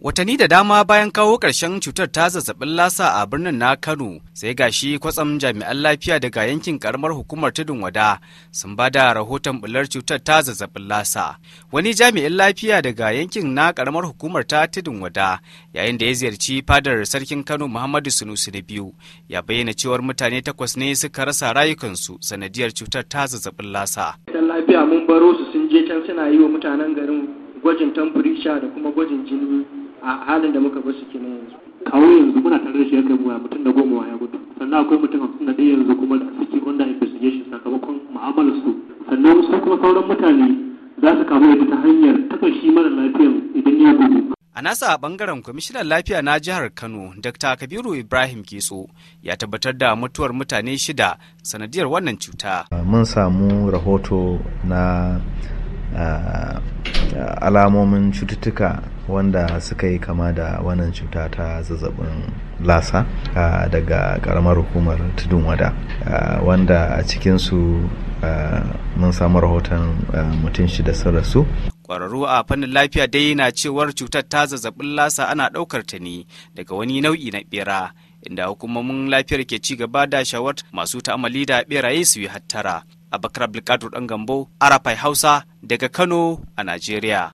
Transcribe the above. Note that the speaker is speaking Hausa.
Watanni da dama bayan kawo ƙarshen cutar ta zazzabin lasa a birnin na Kano sai gashi kwatsam jami'an lafiya daga yankin karamar hukumar tudun wada sun ba da rahoton bular cutar ta zazzabin lasa. Wani jami'in lafiya daga yankin na karamar hukumar ta tudun wada yayin da ya ziyarci fadar sarkin Kano Muhammadu Sunusi na biyu ya bayyana cewar mutane takwas ne suka rasa rayukansu sanadiyar cutar ta zazzabin lasa. lafiya mun baro su sun je can suna yi wa mutanen garin gwajin tamfurisha da kuma gwajin jini a halin da muka bar shi kenan yanzu kawo yanzu muna tare da shi ya kai mutum da goma ya gudu sannan akwai mutum hamsin da ɗaya yanzu kuma da suke under investigation sakamakon mu'amalar su sannan su kuma sauran mutane za su kamu da ta hanyar taɓa shi mara lafiyan idan ya gudu A nasa a bangaren kwamishinan lafiya na jihar Kano, Dr. Kabiru Ibrahim Kiso ya tabbatar da mutuwar mutane shida sanadiyar wannan cuta. Mun samu rahoto na Ah, alamomin cututtuka wanda suka yi kama da wannan cuta ta zazzabin lasa ah, daga karamar hukumar tudun wada ah, wanda a cikinsu mun samu rahoton mutum shida sun rasu kwararru a fannin lafiya dai na cewar cutar ta zazzabin lasa ana ɗaukar ta ne daga wani nau'i na bera inda hukumomin lafiyar ke ci gaba da shawar masu ta'amali da beraye su yi hattara bakar abdulkadir dan gambo arafai hausa daga Kano a Najeriya.